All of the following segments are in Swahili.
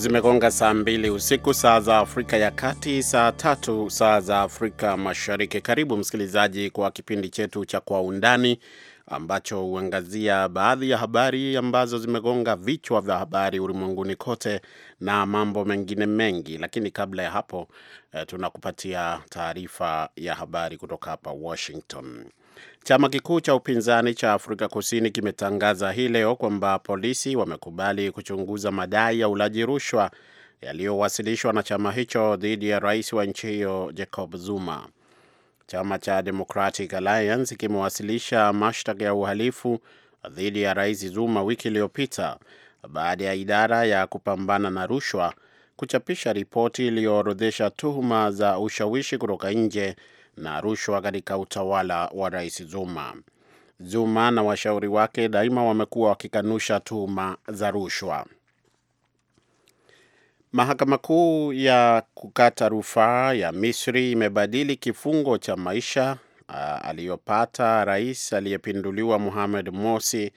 Zimegonga saa mbili usiku saa za Afrika ya Kati, saa tatu saa za Afrika Mashariki. Karibu msikilizaji, kwa kipindi chetu cha Kwa Undani ambacho huangazia baadhi ya habari ambazo zimegonga vichwa vya habari ulimwenguni kote na mambo mengine mengi. Lakini kabla ya hapo, eh, tunakupatia taarifa ya habari kutoka hapa Washington. Chama kikuu cha upinzani cha Afrika Kusini kimetangaza hii leo kwamba polisi wamekubali kuchunguza madai ya ulaji rushwa yaliyowasilishwa na chama hicho dhidi ya rais wa nchi hiyo Jacob Zuma. Chama cha Democratic Alliance kimewasilisha mashtaka ya uhalifu dhidi ya rais Zuma wiki iliyopita baada ya idara ya kupambana na rushwa kuchapisha ripoti iliyoorodhesha tuhuma za ushawishi kutoka nje na rushwa katika utawala wa Rais Zuma. Zuma na washauri wake daima wamekuwa wakikanusha tuhuma za rushwa. Mahakama Kuu ya kukata rufaa ya Misri imebadili kifungo cha maisha aliyopata rais aliyepinduliwa Mohamed Morsi,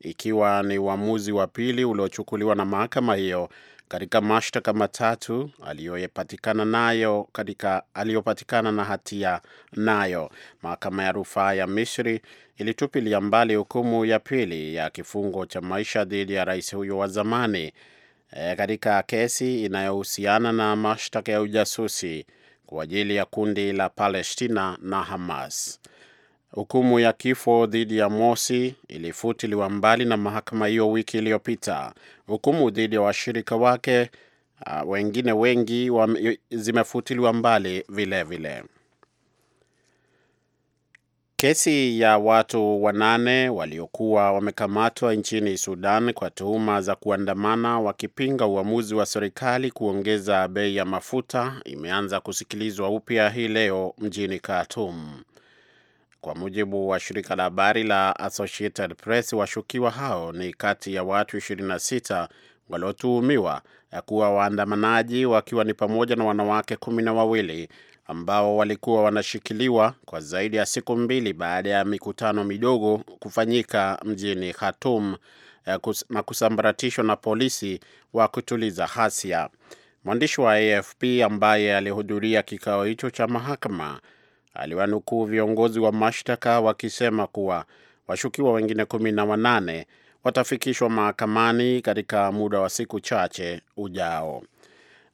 ikiwa ni uamuzi wa pili uliochukuliwa na mahakama hiyo katika mashtaka matatu aliyopatikana nayo katika aliyopatikana na hatia nayo. Mahakama ya rufaa ya Misri ilitupilia mbali hukumu ya pili ya kifungo cha maisha dhidi ya rais huyo wa zamani e, katika kesi inayohusiana na mashtaka ya ujasusi kwa ajili ya kundi la Palestina na Hamas. Hukumu ya kifo dhidi ya mosi ilifutiliwa mbali na mahakama hiyo wiki iliyopita. Hukumu dhidi ya washirika wake uh, wengine wengi wa, zimefutiliwa mbali vilevile vile. Kesi ya watu wanane waliokuwa wamekamatwa nchini Sudan kwa tuhuma za kuandamana wakipinga uamuzi wa serikali kuongeza bei ya mafuta imeanza kusikilizwa upya hii leo mjini Khartoum. Kwa mujibu wa shirika la habari la Associated Press, washukiwa hao ni kati ya watu 26 waliotuhumiwa kuwa waandamanaji, wakiwa ni pamoja na wanawake kumi na wawili ambao walikuwa wanashikiliwa kwa zaidi ya siku mbili baada ya mikutano midogo kufanyika mjini Khartoum eh, na kusambaratishwa na polisi wa kutuliza ghasia. Mwandishi wa AFP ambaye alihudhuria kikao hicho cha mahakama aliwanukuu viongozi wa mashtaka wakisema kuwa washukiwa wengine kumi na wanane watafikishwa mahakamani katika muda wa siku chache ujao.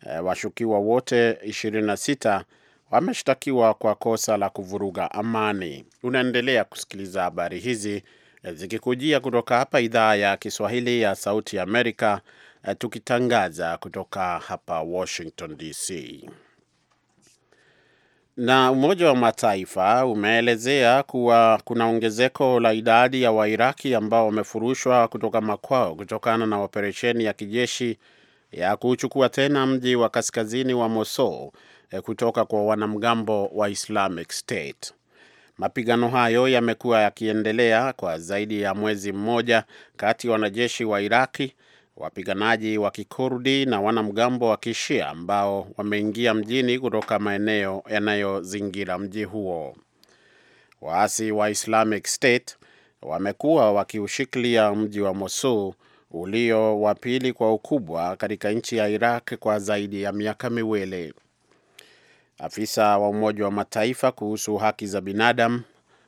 E, washukiwa wote 26 wameshtakiwa kwa kosa la kuvuruga amani. Unaendelea kusikiliza habari hizi e, zikikujia kutoka hapa idhaa ya Kiswahili ya Sauti ya Amerika, e, tukitangaza kutoka hapa Washington DC. Na Umoja wa Mataifa umeelezea kuwa kuna ongezeko la idadi ya Wairaki ambao wamefurushwa kutoka makwao kutokana na operesheni ya kijeshi ya kuchukua tena mji wa kaskazini wa Mosul eh, kutoka kwa wanamgambo wa Islamic State. Mapigano hayo yamekuwa yakiendelea kwa zaidi ya mwezi mmoja kati ya wanajeshi wa Iraki wapiganaji wa Kikurdi na wanamgambo wa Kishia ambao wameingia mjini kutoka maeneo yanayozingira mji huo. Waasi wa Islamic State wamekuwa wakiushikilia mji wa Mosul ulio wa pili kwa ukubwa katika nchi ya Iraq kwa zaidi ya miaka miwili. Afisa wa Umoja wa Mataifa kuhusu haki za binadamu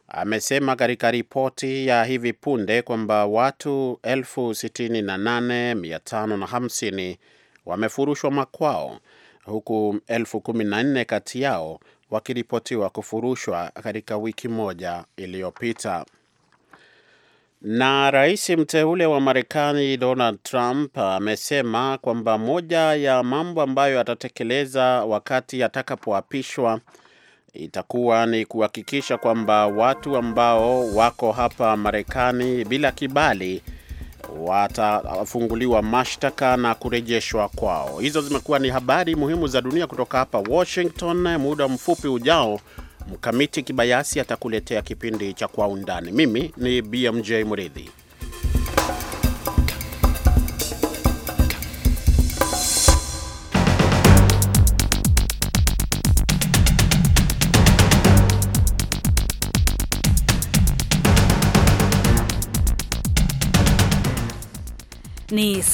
amesema katika ripoti ya hivi punde kwamba watu 68,550 wamefurushwa makwao huku 14 kati yao wakiripotiwa kufurushwa katika wiki moja iliyopita. Na rais mteule wa Marekani Donald Trump amesema kwamba moja ya mambo ambayo atatekeleza wakati atakapoapishwa itakuwa ni kuhakikisha kwamba watu ambao wako hapa Marekani bila kibali watafunguliwa mashtaka na kurejeshwa kwao. Hizo zimekuwa ni habari muhimu za dunia kutoka hapa Washington. Muda mfupi ujao, Mkamiti Kibayasi atakuletea kipindi cha Kwa Undani. Mimi ni BMJ Mridhi.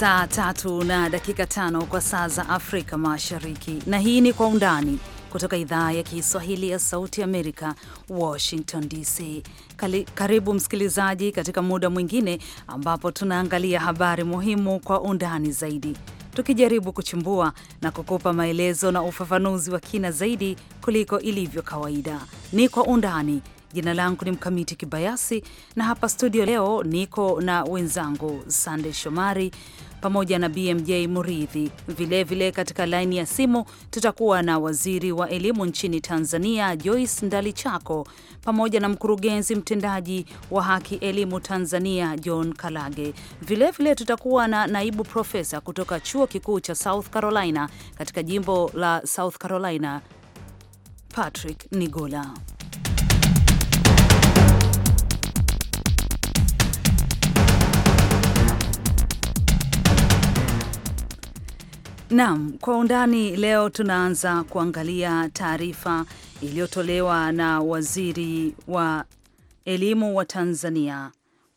Saa tatu na dakika tano kwa saa za Afrika Mashariki, na hii ni Kwa Undani kutoka idhaa ya Kiswahili ya Sauti Amerika, Washington DC. Karibu msikilizaji, katika muda mwingine ambapo tunaangalia habari muhimu kwa undani zaidi, tukijaribu kuchimbua na kukupa maelezo na ufafanuzi wa kina zaidi kuliko ilivyo kawaida. Ni Kwa Undani. Jina langu ni Mkamiti Kibayasi, na hapa studio leo niko na wenzangu sandey Shomari pamoja na BMJ Muridhi. Vilevile katika laini ya simu tutakuwa na waziri wa elimu nchini Tanzania Joyce Ndalichako pamoja na mkurugenzi mtendaji wa Haki Elimu Tanzania John Kalage. Vilevile tutakuwa na naibu profesa kutoka chuo kikuu cha South Carolina katika jimbo la South Carolina Patrick Nigola. Naam, kwa undani leo tunaanza kuangalia taarifa iliyotolewa na waziri wa elimu wa Tanzania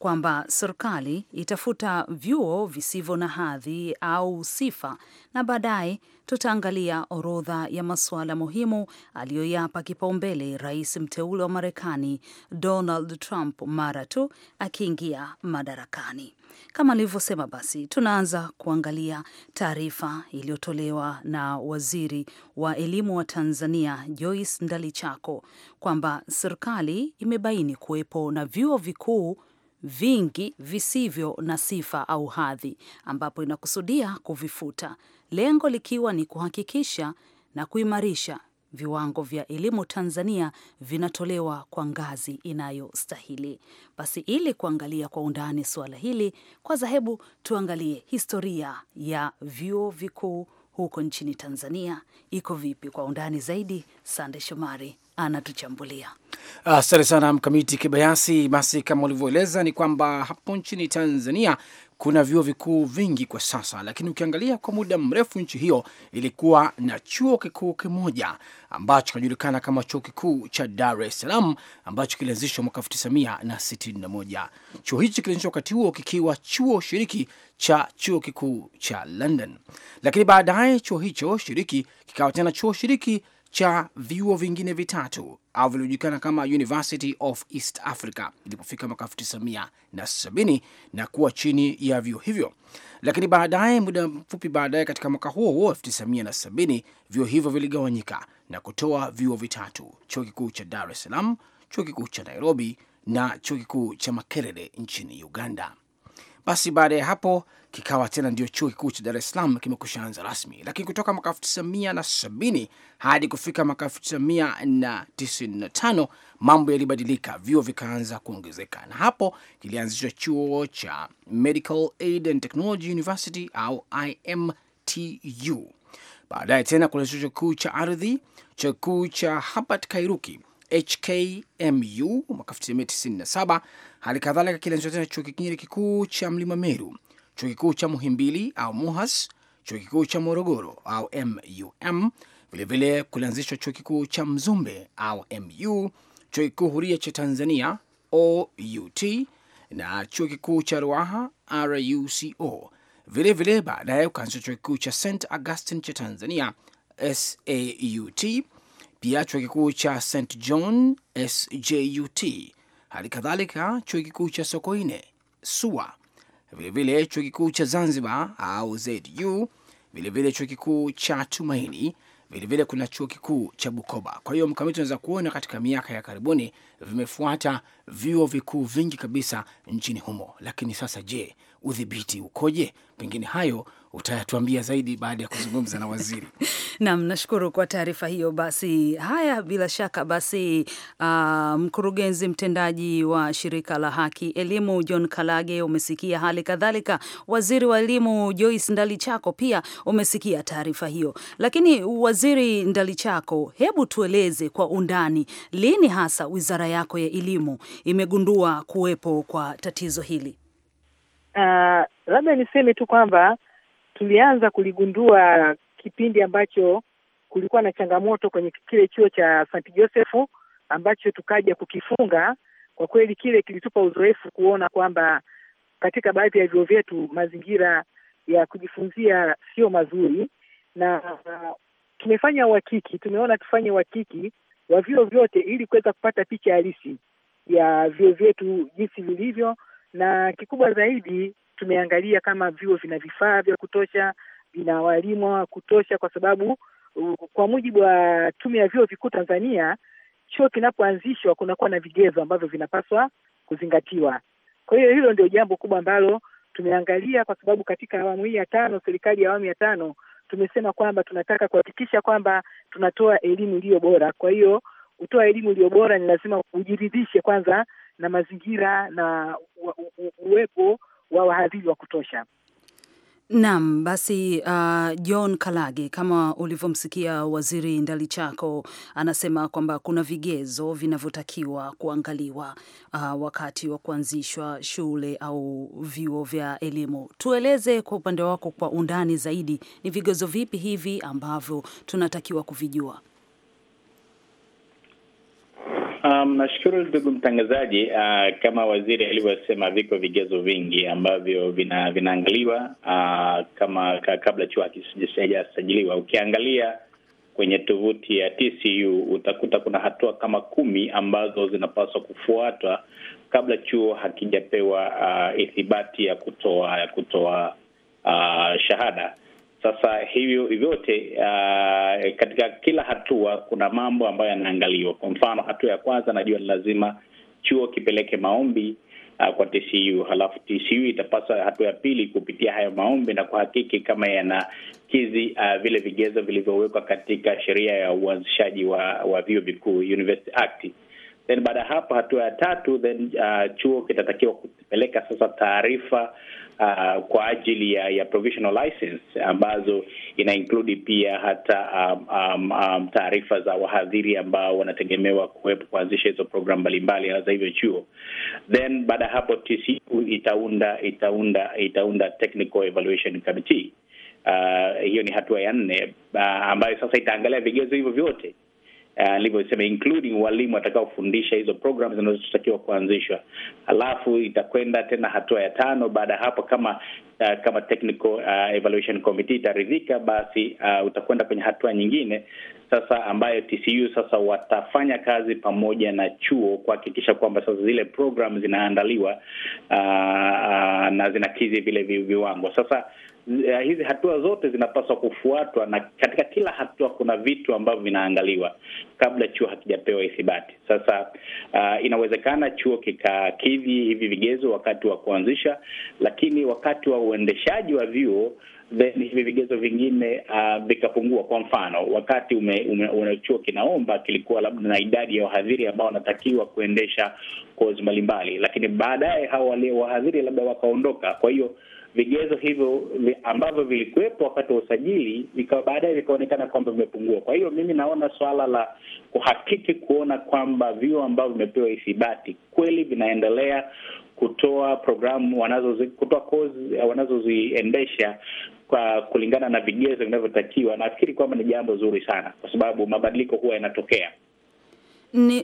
kwamba serikali itafuta vyuo visivyo na hadhi au sifa, na baadaye tutaangalia orodha ya masuala muhimu aliyoyapa kipaumbele rais mteule wa Marekani Donald Trump mara tu akiingia madarakani. Kama nilivyosema, basi tunaanza kuangalia taarifa iliyotolewa na waziri wa elimu wa Tanzania Joyce Ndalichako kwamba serikali imebaini kuwepo na vyuo vikuu vingi visivyo na sifa au hadhi, ambapo inakusudia kuvifuta, lengo likiwa ni kuhakikisha na kuimarisha viwango vya elimu Tanzania vinatolewa kwa ngazi inayostahili. Basi ili kuangalia kwa undani suala hili, kwanza hebu tuangalie historia ya vyuo vikuu huko nchini Tanzania iko vipi. Kwa undani zaidi, Sande Shomari anatuchambulia. Asante sana Mkamiti Kibayasi. Basi kama ulivyoeleza ni kwamba hapo nchini Tanzania kuna vyuo vikuu vingi kwa sasa, lakini ukiangalia kwa muda mrefu nchi hiyo ilikuwa na chuo kikuu kimoja ambacho kinajulikana kama chuo kikuu cha Dar es Salaam ambacho kilianzishwa mwaka 1961. Chuo hichi kilianzishwa wakati huo kikiwa chuo shiriki cha chuo kikuu cha London, lakini baadaye chuo hicho shiriki kikawa tena chuo shiriki cha vyuo vingine vitatu au vilivyojulikana kama University of East Africa ilipofika mwaka 1970 na kuwa chini ya vyuo hivyo, lakini baadaye, muda mfupi baadaye, katika mwaka huo huo 1970 vyuo hivyo viligawanyika na kutoa vyuo vitatu: chuo kikuu cha Dar es Salaam, chuo kikuu cha Nairobi na chuo kikuu cha Makerere nchini Uganda. Basi baada ya hapo kikawa tena ndio chuo kikuu cha Dar es Salaam kimekushaanza rasmi, lakini kutoka mwaka elfu tisa mia na sabini hadi kufika mwaka elfu tisa mia na tisini na tano mambo yalibadilika, vyuo vikaanza kuongezeka, na hapo kilianzishwa chuo cha Medical Aid and Technology University au IMTU. Baadaye tena kuna chuo kikuu cha ardhi, chuo kikuu cha Habat Kairuki HKMU mwaka 1997. Hali kadhalika kilianzishwa tena chuo kingine kikuu cha Mlima Meru chuo kikuu cha Muhimbili au MUHAS, chuo kikuu cha Morogoro au MUM, vilevile kulianzishwa chuo kikuu cha Mzumbe au MU, chuo kikuu huria cha Tanzania OUT na chuo kikuu cha Ruaha RUCO. Vilevile baadaye kukaanzishwa chuo kikuu cha St Augustine cha Tanzania SAUT, pia chuo kikuu cha St John SJUT, hali kadhalika chuo kikuu cha Sokoine SUA vilevile chuo kikuu cha Zanzibar au ZU, vilevile chuo kikuu cha Tumaini, vilevile kuna chuo kikuu cha Bukoba. Kwa hiyo mkamiti, unaweza kuona katika miaka ya karibuni vimefuata vyuo vikuu vingi kabisa nchini humo. Lakini sasa, je, udhibiti ukoje? Pengine hayo utayatuambia zaidi baada ya kuzungumza na waziri nam nashukuru kwa taarifa hiyo. Basi haya, bila shaka basi, uh, mkurugenzi mtendaji wa shirika la haki elimu John Kalage umesikia, hali kadhalika waziri wa elimu Joyce Ndalichako pia umesikia taarifa hiyo. Lakini waziri Ndalichako, hebu tueleze kwa undani, lini hasa wizara yako ya elimu imegundua kuwepo kwa tatizo hili? Uh, labda niseme tu kwamba tulianza kuligundua kipindi ambacho kulikuwa na changamoto kwenye kile chuo cha St. Joseph ambacho tukaja kukifunga. Kwa kweli kile kilitupa uzoefu kuona kwamba katika baadhi ya vyuo vyetu mazingira ya kujifunzia sio mazuri, na uh, tumefanya uhakiki, tumeona tufanye uhakiki wa vyuo vyote ili kuweza kupata picha halisi ya vyuo vyetu jinsi vilivyo, na kikubwa zaidi tumeangalia kama vyuo vina vifaa vya kutosha ina walimu kutosha, kwa sababu uh, kwa mujibu wa Tume ya Vyuo Vikuu Tanzania, chuo kinapoanzishwa kunakuwa na vigezo ambavyo vinapaswa kuzingatiwa. Kwa hiyo hilo ndio jambo kubwa ambalo tumeangalia, kwa sababu katika awamu hii ya tano, serikali ya awamu ya tano, tumesema kwamba tunataka kuhakikisha kwamba tunatoa elimu iliyo bora. Kwa hiyo kutoa elimu iliyo bora ni lazima ujiridhishe kwanza na mazingira na uwepo wa wahadhiri wa kutosha. Naam, basi uh, John Kalage kama ulivyomsikia Waziri Ndalichako anasema kwamba kuna vigezo vinavyotakiwa kuangaliwa uh, wakati wa kuanzishwa shule au vyuo vya elimu. Tueleze kwa upande wako kwa undani zaidi, ni vigezo vipi hivi ambavyo tunatakiwa kuvijua? Um, nashukuru ndugu mtangazaji. Uh, kama waziri alivyosema, viko vigezo vingi ambavyo vina, vinaangaliwa uh, kama kabla chuo hakijasajiliwa. Ukiangalia kwenye tovuti ya TCU utakuta kuna hatua kama kumi ambazo zinapaswa kufuatwa kabla chuo hakijapewa uh, ithibati ya kutoa ya kutoa uh, shahada sasa hivyo vyote uh, katika kila hatua kuna mambo ambayo yanaangaliwa. Kwa mfano, hatua ya kwanza najua ni lazima chuo kipeleke maombi uh, kwa TCU, halafu TCU itapaswa hatua ya pili kupitia hayo maombi na kuhakiki kama yanakidhi uh, vile vigezo vilivyowekwa katika sheria ya uanzishaji wa, wa vyuo vikuu University Act Then baada ya hapo, hatua ya tatu, then uh, chuo kitatakiwa kupeleka sasa taarifa uh, kwa ajili ya, ya provisional license ambazo ina include pia hata um, um, um, taarifa za wahadhiri ambao wanategemewa kuwepo kuanzisha hizo program mbalimbali za hivyo chuo. Then baada ya hapo, TCU itaunda itaunda itaunda technical evaluation committee. Uh, hiyo ni hatua ya nne uh, ambayo sasa itaangalia vigezo hivyo vyote alivyosema eh, uh, including walimu watakaofundisha hizo programs zinazotakiwa kuanzishwa. Alafu itakwenda tena hatua ya tano. Baada ya hapo, kama uh, kama technical uh, evaluation committee itaridhika, basi uh, utakwenda kwenye hatua nyingine sasa, ambayo TCU sasa watafanya kazi pamoja na chuo kuhakikisha kwamba sasa zile program zinaandaliwa uh, uh, na zinakidhi vile viwango sasa Eh, hizi hatua zote zinapaswa kufuatwa, na katika kila hatua kuna vitu ambavyo vinaangaliwa kabla chuo hakijapewa ithibati. Sasa uh, inawezekana chuo kikakidhi hivi vigezo wakati wa kuanzisha, lakini wakati wa uendeshaji wa vyuo then hivi vigezo vingine uh, vikapungua. Kwa mfano, wakati ume, ume, ume chuo kinaomba kilikuwa labda na idadi ya wahadhiri ambao wanatakiwa kuendesha kozi mbalimbali, lakini baadaye hao wale wahadhiri labda wakaondoka, kwa hiyo vigezo hivyo ambavyo vilikuwepo wakati wa usajili vikawa baadaye vikaonekana kwamba vimepungua. Kwa hiyo mimi naona swala la kuhakiki kuona kwamba vyuo ambavyo vimepewa ithibati kweli vinaendelea kutoa programu wanazozi, kutoa kozi wanazoziendesha kwa kulingana na vigezo vinavyotakiwa, nafikiri kwamba ni jambo zuri sana, kwa sababu mabadiliko huwa yanatokea.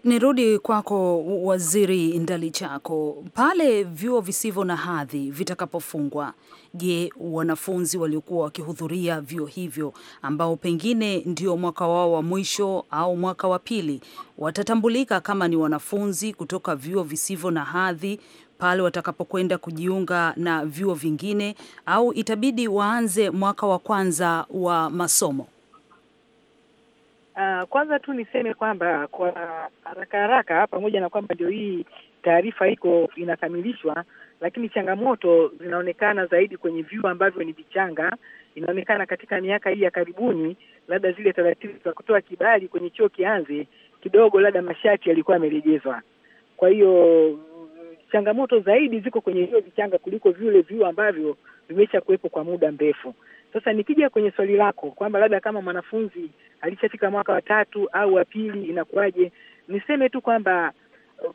Nirudi kwako Waziri Ndalichako, pale vyuo visivyo na hadhi vitakapofungwa, je, wanafunzi waliokuwa wakihudhuria vyuo hivyo ambao pengine ndio mwaka wao wa mwisho au mwaka wa pili watatambulika kama ni wanafunzi kutoka vyuo visivyo na hadhi pale watakapokwenda kujiunga na vyuo vingine, au itabidi waanze mwaka wa kwanza wa masomo? Uh, kwanza tu niseme kwamba kwa haraka haraka, pamoja na kwamba ndio hii taarifa iko inakamilishwa, lakini changamoto zinaonekana zaidi kwenye vyuo ambavyo ni vichanga. Inaonekana katika miaka hii ya karibuni, labda zile taratibu za kutoa kibali kwenye chuo kianze kidogo, labda masharti yalikuwa yamerejezwa. Kwa hiyo changamoto zaidi ziko kwenye vyuo vichanga kuliko vile vyuo ambavyo vimesha kuwepo kwa muda mrefu. Sasa nikija kwenye swali lako kwamba labda kama mwanafunzi alishafika mwaka wa tatu au wa pili inakuwaje, niseme tu kwamba uh,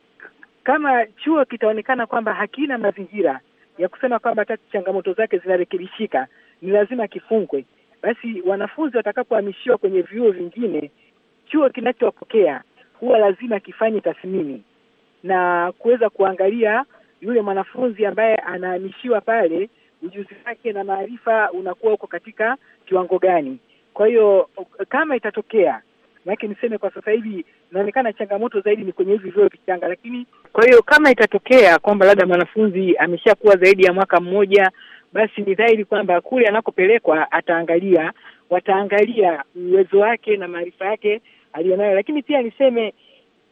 kama chuo kitaonekana kwamba hakina mazingira ya kusema kwamba hata changamoto zake zinarekebishika, ni lazima kifungwe. Basi wanafunzi watakapohamishiwa kwenye vyuo vingine, chuo kinachowapokea huwa lazima kifanye tathmini na kuweza kuangalia yule mwanafunzi ambaye anahamishiwa pale ujuzi wake na maarifa unakuwa uko katika kiwango gani. Kwa hiyo kama itatokea, maanake niseme kwa sasa hivi inaonekana changamoto zaidi ni kwenye hivi vyuo vichanga, lakini kwa hiyo kama itatokea kwamba labda mwanafunzi ameshakuwa zaidi ya mwaka mmoja, basi ni dhahiri kwamba kule anakopelekwa ataangalia, wataangalia uwezo wake na maarifa yake aliyonayo. Lakini pia niseme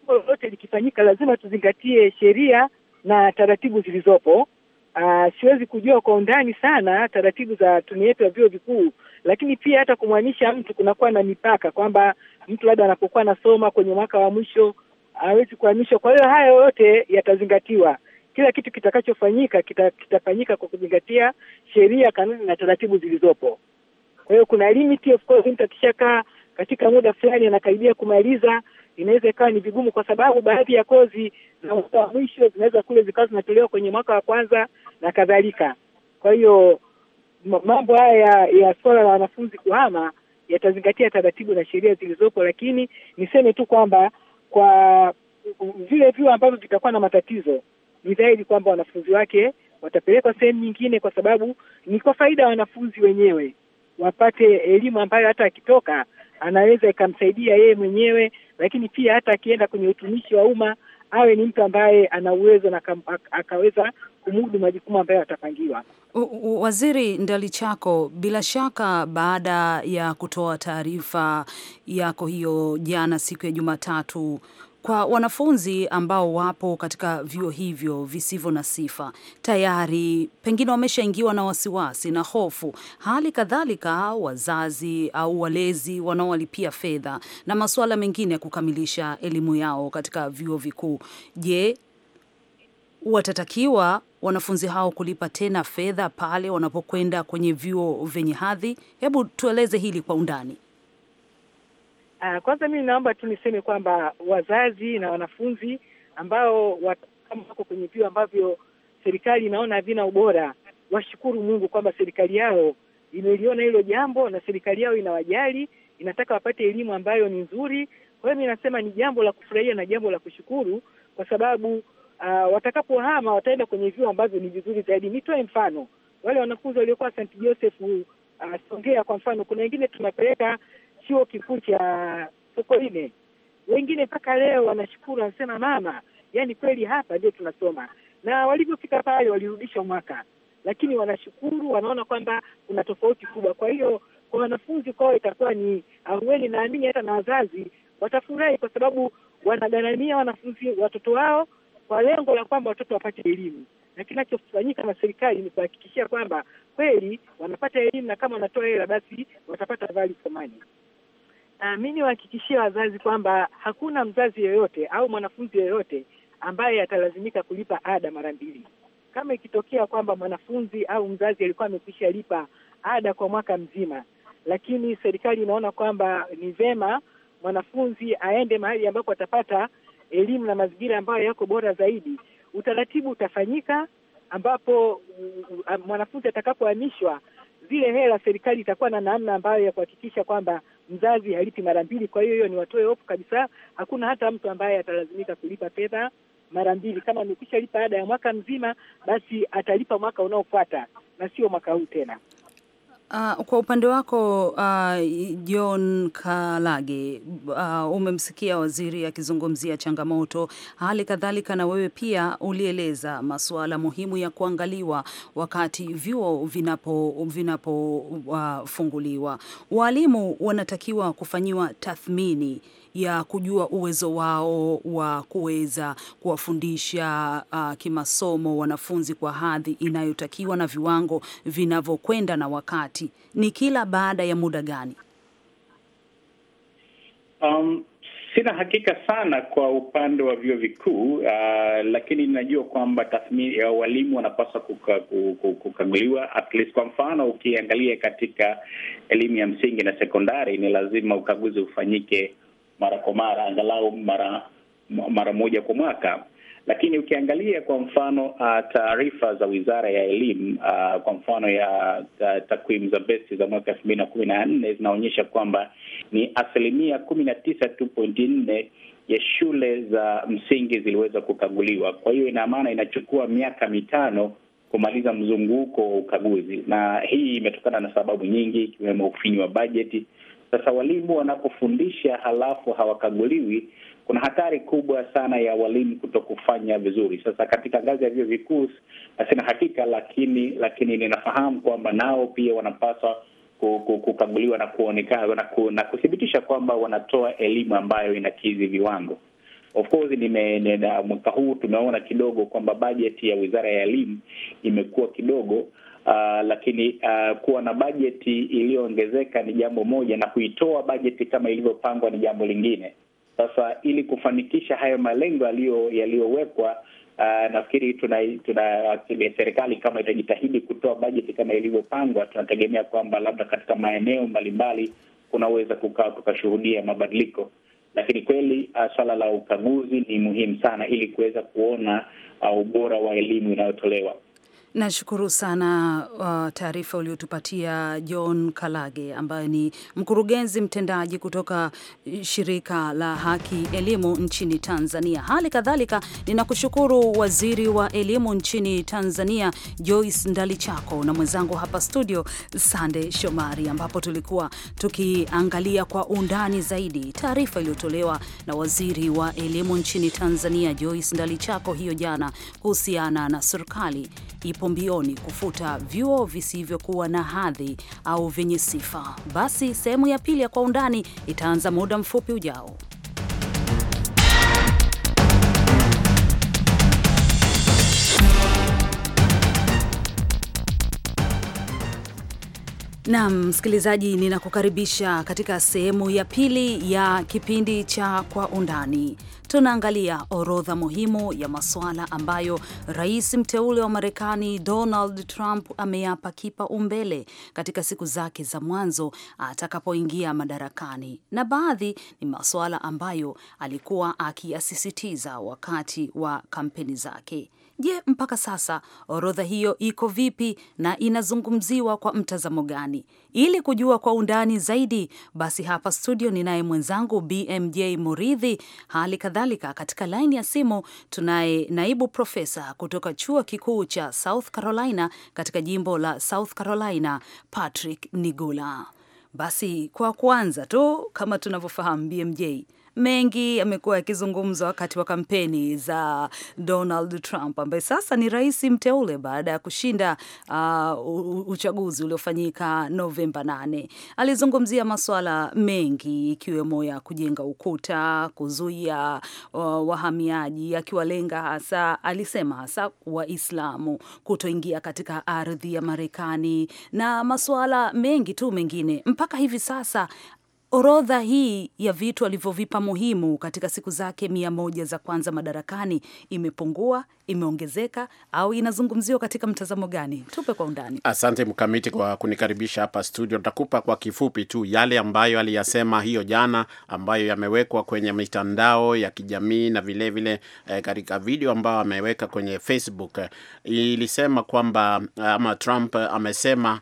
lolote likifanyika, lazima tuzingatie sheria na taratibu zilizopo Uh, siwezi kujua kwa undani sana taratibu za tuni yetu ya vyuo vikuu, lakini pia hata kumwanisha mtu kunakuwa na mipaka kwamba mtu labda anapokuwa anasoma kwenye mwaka wa mwisho hawezi kuhamishwa. Kwa hiyo haya yote yatazingatiwa, kila kitu kitakachofanyika kitafanyika kita kwa kuzingatia sheria, kanuni na taratibu zilizopo. Kwa hiyo kuna limit, of course, mtu akishakaa katika muda fulani anakaribia kumaliza inaweza ikawa ni vigumu, kwa sababu baadhi ya kozi za mwaka wa mwisho zinaweza kule zikawa zinatolewa kwenye mwaka wa kwanza na kadhalika. Kwa hiyo mambo haya ya, ya suala la wanafunzi kuhama yatazingatia taratibu na sheria zilizopo, lakini niseme tu kwamba kwa vile vyuo ambavyo vitakuwa na matatizo ni dhahiri kwamba wanafunzi wake watapelekwa sehemu nyingine, kwa sababu ni kwa faida ya wanafunzi wenyewe wapate elimu ambayo hata akitoka anaweza ikamsaidia yeye mwenyewe lakini pia hata akienda kwenye utumishi wa umma awe ni mtu ambaye ana uwezo na akaweza kumudu majukumu ambayo atapangiwa. Waziri Ndalichako, bila shaka, baada ya kutoa taarifa yako hiyo jana siku ya Jumatatu kwa wanafunzi ambao wapo katika vyuo hivyo visivyo na sifa tayari, pengine wameshaingiwa na wasiwasi na hofu, hali kadhalika wazazi au walezi wanaowalipia fedha na masuala mengine ya kukamilisha elimu yao katika vyuo vikuu. Je, watatakiwa wanafunzi hao kulipa tena fedha pale wanapokwenda kwenye vyuo vyenye hadhi? Hebu tueleze hili kwa undani. Uh, kwanza mimi naomba tu niseme kwamba wazazi na wanafunzi ambao kama wako kwenye vyuo ambavyo serikali inaona havina ubora, washukuru Mungu kwamba serikali yao imeliona hilo jambo na serikali yao inawajali, inataka wapate elimu ambayo ni nzuri. Kwa hiyo mimi nasema ni jambo la kufurahia na jambo la kushukuru, kwa sababu uh, watakapohama wataenda kwenye vyuo ambavyo ni vizuri zaidi. Nitoe mfano wale wanafunzi waliokuwa St Joseph uh, Songea kwa mfano, kuna wengine tunapeleka chuo kikuu cha Sokoine. Wengine mpaka leo wanashukuru, wanasema mama, yani kweli hapa ndio tunasoma. Na walivyofika pale walirudishwa mwaka, lakini wanashukuru, wanaona kwamba kuna tofauti kubwa. Kwa hiyo kwa wanafunzi kwao itakuwa ni ahueni, naamini hata na wazazi watafurahi, kwa sababu wanagharamia wanafunzi watoto wao kwa lengo la kwamba watoto wapate elimu na kinachofanyika na serikali ni kuhakikishia kwamba kweli wanapata elimu, na kama wanatoa hela basi watapata value for money. Uh, ah, mi niwahakikishie wazazi kwamba hakuna mzazi yeyote au mwanafunzi yeyote ambaye atalazimika kulipa ada mara mbili. Kama ikitokea kwamba mwanafunzi au mzazi alikuwa amekwisha lipa ada kwa mwaka mzima, lakini serikali inaona kwamba ni vema mwanafunzi aende mahali ambapo atapata elimu na mazingira ambayo yako bora zaidi, utaratibu utafanyika ambapo mwanafunzi atakapohamishwa, zile hela serikali itakuwa na namna ambayo ya kuhakikisha kwamba mzazi halipi mara mbili. Kwa hiyo hiyo ni watoe hofu kabisa, hakuna hata mtu ambaye atalazimika kulipa fedha mara mbili. Kama amekwisha lipa ada ya mwaka mzima, basi atalipa mwaka unaofuata na sio mwaka huu tena. Uh, kwa upande wako uh, John Kalage uh, umemsikia waziri akizungumzia changamoto, hali kadhalika na wewe pia ulieleza masuala muhimu ya kuangaliwa wakati vyuo vinapofunguliwa. uh, walimu wanatakiwa kufanyiwa tathmini ya kujua uwezo wao wa kuweza kuwafundisha uh, kimasomo wanafunzi kwa hadhi inayotakiwa na viwango vinavyokwenda na wakati, ni kila baada ya muda gani? Um, sina hakika sana kwa upande wa vyuo vikuu uh, lakini ninajua kwamba tathmini ya eh, walimu wanapaswa kukaguliwa at least. Kwa mfano, ukiangalia katika elimu ya msingi na sekondari, ni lazima ukaguzi ufanyike mara kwa mara, angalau mara mara moja kwa mwaka. Lakini ukiangalia kwa mfano uh, taarifa za Wizara ya Elimu uh, kwa mfano ya uh, takwimu za besti za mwaka elfu mbili na kumi na nne zinaonyesha kwamba ni asilimia kumi na tisa tu pointi nne ya shule za msingi ziliweza kukaguliwa. Kwa hiyo ina maana inachukua miaka mitano kumaliza mzunguko wa ukaguzi, na hii imetokana na sababu nyingi ikiwemo ufinyu wa bajeti sasa walimu wanapofundisha halafu hawakaguliwi, kuna hatari kubwa sana ya walimu kutokufanya vizuri. Sasa katika ngazi ya vyuo vikuu sina hakika, lakini lakini ninafahamu kwamba nao pia wanapaswa kukaguliwa na kuonekana na kuthibitisha kwamba wanatoa elimu ambayo inakidhi viwango. Of course nime- mwaka huu tumeona kidogo kwamba bajeti ya Wizara ya Elimu imekuwa kidogo Uh, lakini uh, kuwa na bajeti iliyoongezeka ni jambo moja, na kuitoa bajeti kama ilivyopangwa ni jambo lingine. Sasa ili kufanikisha hayo malengo yaliyowekwa, uh, nafikiri tuna, tuna serikali kama itajitahidi kutoa bajeti kama ilivyopangwa, tunategemea kwamba labda katika maeneo mbalimbali kunaweza kukaa tukashuhudia mabadiliko lakini kweli uh, swala la ukaguzi ni muhimu sana ili kuweza kuona uh, ubora wa elimu inayotolewa. Nashukuru sana uh, taarifa uliotupatia John Kalage ambaye ni mkurugenzi mtendaji kutoka uh, shirika la haki elimu nchini Tanzania. Hali kadhalika ninakushukuru waziri wa elimu nchini Tanzania Joyce Ndalichako na mwenzangu hapa studio Sande Shomari, ambapo tulikuwa tukiangalia kwa undani zaidi taarifa iliyotolewa na waziri wa elimu nchini Tanzania Joyce Ndalichako hiyo jana kuhusiana na serikali ipo hapo mbioni kufuta vyuo visivyokuwa na hadhi au vyenye sifa. Basi sehemu ya pili ya Kwa Undani itaanza muda mfupi ujao. Naam, msikilizaji, ninakukaribisha katika sehemu ya pili ya kipindi cha Kwa Undani. Tunaangalia orodha muhimu ya masuala ambayo rais mteule wa Marekani Donald Trump ameyapa kipaumbele katika siku zake za mwanzo atakapoingia madarakani, na baadhi ni masuala ambayo alikuwa akiyasisitiza wakati wa kampeni zake. Je, mpaka sasa orodha hiyo iko vipi na inazungumziwa kwa mtazamo gani? Ili kujua kwa undani zaidi, basi hapa studio ninaye mwenzangu BMJ Muridhi. Hali kadhalika katika laini ya simu tunaye naibu profesa kutoka chuo kikuu cha South Carolina katika jimbo la South Carolina, Patrick Nigula. Basi kwa kwanza tu, kama tunavyofahamu BMJ, mengi yamekuwa yakizungumzwa wakati wa kampeni za Donald Trump ambaye sasa ni rais mteule baada ya kushinda uh, uchaguzi uliofanyika Novemba 8. Alizungumzia masuala mengi ikiwemo ya kujenga ukuta, kuzuia uh, wahamiaji, akiwalenga hasa, alisema hasa Waislamu kutoingia katika ardhi ya Marekani na masuala mengi tu mengine. Mpaka hivi sasa Orodha hii ya vitu alivyovipa muhimu katika siku zake mia moja za kwanza madarakani imepungua, imeongezeka au inazungumziwa katika mtazamo gani? Tupe kwa undani. Asante Mkamiti kwa kunikaribisha hapa studio. Nitakupa kwa kifupi tu yale ambayo aliyasema hiyo jana, ambayo yamewekwa kwenye mitandao ya kijamii na vilevile vile, eh, katika video ambayo ameweka kwenye Facebook. Ilisema kwamba ama Trump amesema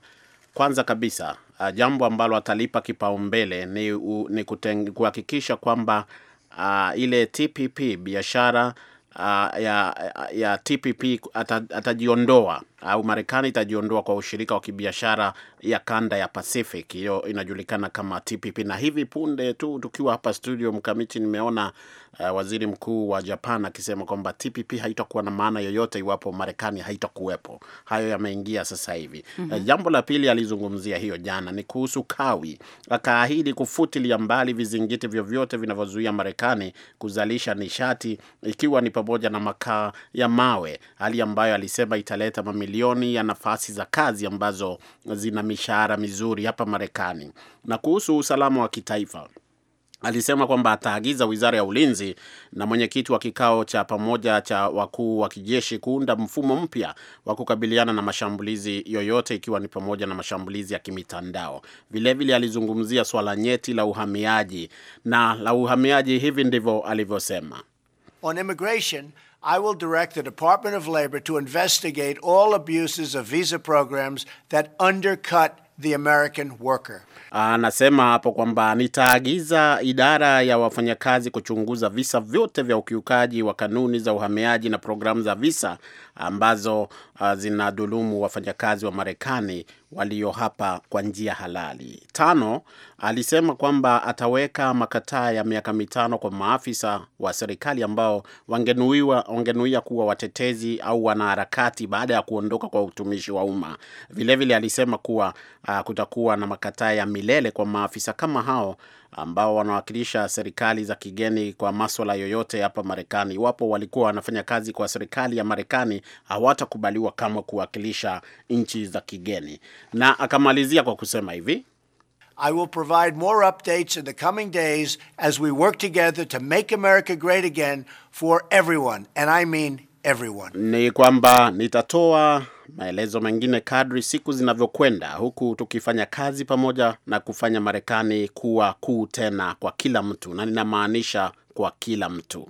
kwanza kabisa uh, jambo ambalo atalipa kipaumbele ni, u, ni kuhakikisha kwamba uh, ile TPP biashara Uh, ya, ya TPP atajiondoa au uh, Marekani itajiondoa kwa ushirika wa kibiashara ya kanda ya Pacific, hiyo inajulikana kama TPP. Na hivi punde tu tukiwa hapa studio, mkamiti, nimeona uh, waziri mkuu wa Japan akisema kwamba TPP haitakuwa na maana yoyote iwapo Marekani haitakuwepo. Hayo yameingia sasa hivi. mm -hmm. Uh, jambo la pili alizungumzia hiyo jana ni kuhusu kawi. Akaahidi kufutilia mbali vizingiti vyovyote vinavyozuia Marekani kuzalisha nishati ikiwa ni pamoja na makaa ya mawe, hali ambayo alisema italeta mamilioni ya nafasi za kazi ambazo zina mishahara mizuri hapa Marekani. Na kuhusu usalama wa kitaifa alisema kwamba ataagiza wizara ya ulinzi na mwenyekiti wa kikao cha pamoja cha wakuu wa kijeshi kuunda mfumo mpya wa kukabiliana na mashambulizi yoyote ikiwa ni pamoja na mashambulizi ya kimitandao. Vilevile alizungumzia swala nyeti la uhamiaji na la uhamiaji, hivi ndivyo alivyosema. On immigration, I will direct the Department of Labor to investigate all abuses of visa programs that undercut the American worker. Anasema hapo kwamba nitaagiza idara ya wafanyakazi kuchunguza visa vyote vya ukiukaji wa kanuni za uhamiaji na programu za visa ambazo ah, zinadhulumu wafanyakazi wa Marekani walio hapa kwa njia halali. Tano, alisema kwamba ataweka makataa ya miaka mitano kwa maafisa wa serikali ambao wangenuiwa wangenuia kuwa watetezi au wanaharakati baada ya kuondoka kwa utumishi wa umma. Vilevile alisema kuwa uh, kutakuwa na makataa ya milele kwa maafisa kama hao ambao wanawakilisha serikali za kigeni kwa maswala yoyote hapa Marekani, iwapo walikuwa wanafanya kazi kwa serikali ya Marekani, hawatakubaliwa kama kuwakilisha nchi za kigeni. Na akamalizia kwa kusema hivi: I will provide more updates in the coming days as we work together to make America great again for everyone and I mean everyone. Ni kwamba nitatoa maelezo mengine kadri siku zinavyokwenda, huku tukifanya kazi pamoja na kufanya Marekani kuwa kuu tena kwa kila mtu, na ninamaanisha kwa kila mtu.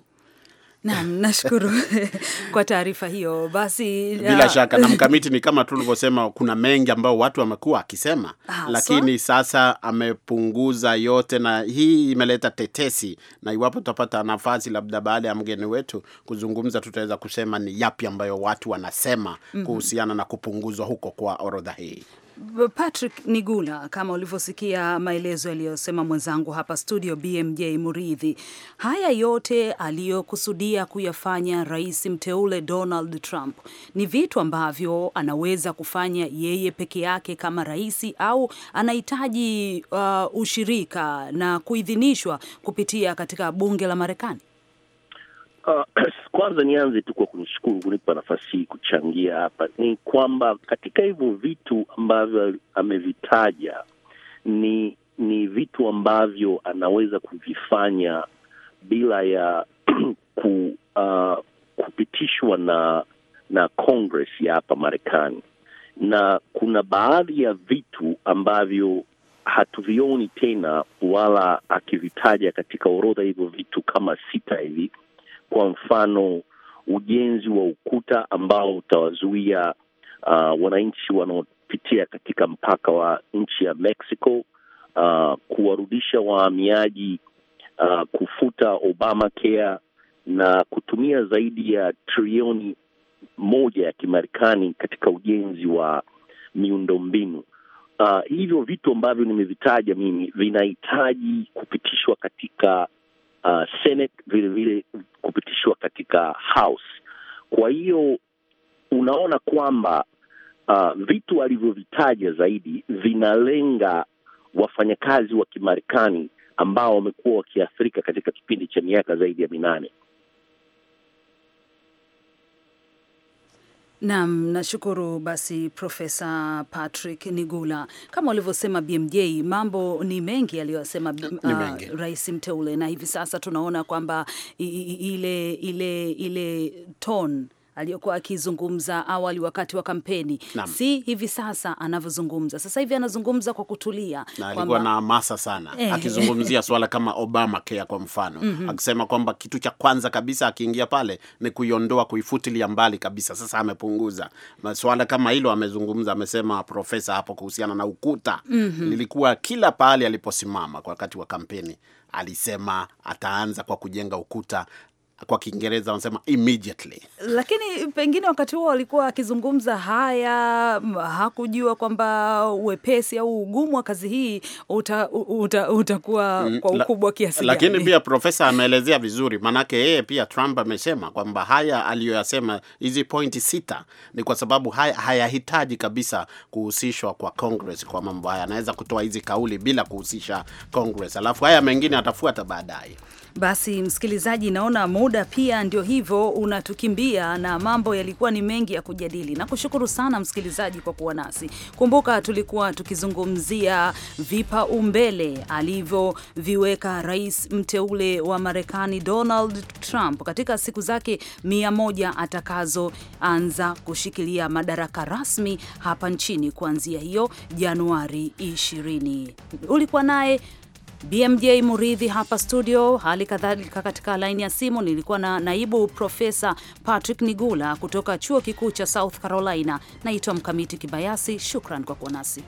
Naam, nashukuru kwa taarifa hiyo. Basi bila ah, shaka na mkamiti, ni kama tulivyosema, kuna mengi ambayo watu wamekuwa akisema, ah, lakini sasa amepunguza yote, na hii imeleta tetesi, na iwapo tutapata nafasi, labda baada ya mgeni wetu kuzungumza, tutaweza kusema ni yapi ambayo watu wanasema mhm. kuhusiana na kupunguzwa huko kwa orodha hii. Patrick Nigula, kama ulivyosikia maelezo yaliyosema mwenzangu hapa studio BMJ Muridhi, haya yote aliyokusudia kuyafanya rais mteule Donald Trump ni vitu ambavyo anaweza kufanya yeye peke yake kama rais, au anahitaji uh, ushirika na kuidhinishwa kupitia katika bunge la Marekani? Uh, kwanza nianze tu kwa kunishukuru kunipa nafasi hii kuchangia hapa. Ni kwamba katika hivyo vitu ambavyo amevitaja ni ni vitu ambavyo anaweza kuvifanya bila ya ku, uh, kupitishwa na na Congress ya hapa Marekani, na kuna baadhi ya vitu ambavyo hatuvioni tena wala akivitaja katika orodha hivyo vitu kama sita hivi kwa mfano ujenzi wa ukuta ambao utawazuia uh, wananchi wanaopitia katika mpaka wa nchi ya Mexico, uh, kuwarudisha wahamiaji, uh, kufuta Obamacare na kutumia zaidi ya trilioni moja ya Kimarekani katika ujenzi wa miundombinu. Uh, hivyo vitu ambavyo nimevitaja mimi vinahitaji kupitishwa katika uh, Senate vilevile kupitishwa katika House. Kwa hiyo unaona kwamba uh, vitu alivyovitaja zaidi vinalenga wafanyakazi wa Kimarekani ambao wamekuwa wakiathirika katika kipindi cha miaka zaidi ya minane. Naam, nashukuru basi Profesa Patrick Nigula. Kama walivyosema BMJ, mambo ni mengi aliyoasema uh, rais mteule, na hivi sasa tunaona kwamba ile ile ile ton aliyokuwa akizungumza awali wakati wa kampeni Nam. si hivi sasa anavyozungumza sasa hivi anazungumza kwa kutulia na alikuwa na hamasa sana eh, akizungumzia swala kama Obama Care kwa mfano mm -hmm. akisema kwamba kitu cha kwanza kabisa akiingia pale ni kuiondoa, kuifutilia mbali kabisa. Sasa amepunguza swala kama hilo, amezungumza, amesema profesa hapo kuhusiana na ukuta mm -hmm. lilikuwa kila pahali aliposimama kwa wakati wa kampeni alisema ataanza kwa kujenga ukuta kwa Kiingereza wanasema immediately. Lakini pengine wakati huo alikuwa akizungumza haya, hakujua kwamba uwepesi au ugumu wa kazi hii utakuwa uta, uta mm, kwa ukubwa kiasi. Lakini pia profesa ameelezea vizuri, maanake yeye pia Trump amesema kwamba haya aliyoyasema, hizi pointi sita, ni kwa sababu haya kabisa kuhusishwa kwa Congress kwa mambo haya, anaweza kutoa hizi kauli bila kuhusisha Congress, alafu haya mengine atafuata baadaye. Basi msikilizaji, naona muda pia ndio hivyo unatukimbia, na mambo yalikuwa ni mengi ya kujadili. Nakushukuru sana msikilizaji kwa kuwa nasi. Kumbuka tulikuwa tukizungumzia vipaumbele alivyoviweka rais mteule wa Marekani Donald Trump katika siku zake mia moja atakazoanza kushikilia madaraka rasmi hapa nchini kuanzia hiyo Januari 20. Ulikuwa naye BMJ Muridhi hapa studio, hali kadhalika katika laini ya simu nilikuwa na naibu profesa Patrick Nigula kutoka chuo kikuu cha South Carolina. Naitwa Mkamiti Kibayasi, shukran kwa kuwa nasi.